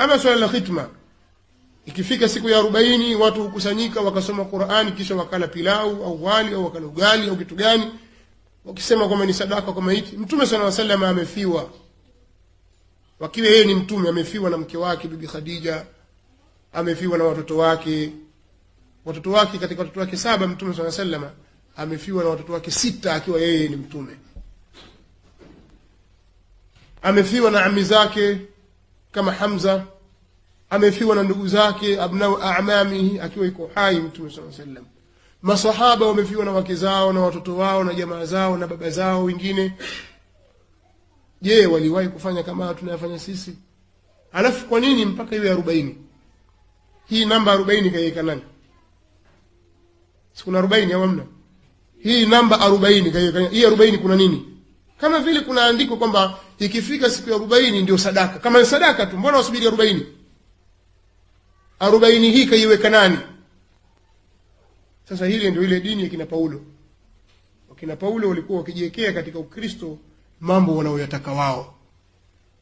Ama swala la khitma, ikifika siku ya arobaini watu hukusanyika wakasoma Qurani, kisha wakala pilau au wali au wakala ugali au kitu gani, wakisema kwamba ni sadaka kwa maiti. Mtume sallallahu alayhi wasallam amefiwa, wakiwa yeye ni mtume, amefiwa na mke wake Bibi Khadija, amefiwa na watoto wake, watoto wake katika watoto wake saba, Mtume sallallahu alayhi wasallam amefiwa na watoto wake sita, akiwa yeye ni mtume, amefiwa na ami zake kama Hamza amefiwa na ndugu zake abnau amamihi akiwa iko hai Mtume saa sallam. Masahaba wamefiwa na wake zao na watoto wao na jamaa zao na baba zao wengine. Je, waliwahi kufanya kama tunayofanya sisi? Alafu kwa nini mpaka iwe arobaini? Hii namba arobaini kaiweka nani? Sikuna arobaini au amna? Hii namba arobaini kaiweka hii arobaini, kuna nini? kama vile kuna andiko kwamba ikifika siku ya arobaini ndio sadaka. Kama ni sadaka tu, mbona wasubiri arobaini? Arobaini hii kaiweka nani? Sasa hili ndio ile dini ya kina Paulo. Wakina Paulo walikuwa wakijiwekea katika Ukristo mambo wanaoyataka wao,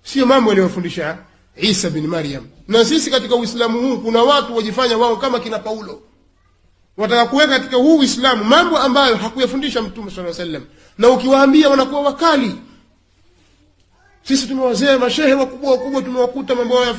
sio mambo yaliyofundisha Isa bin Maryam. Na sisi katika Uislamu huu kuna watu wajifanya wao kama kina Paulo wataka kuweka katika huu Uislamu mambo ambayo hakuyafundisha Mtume sala sallam, na ukiwaambia wanakuwa wakali. Sisi tumewazee mashehe wakubwa wakubwa, tumewakuta mambo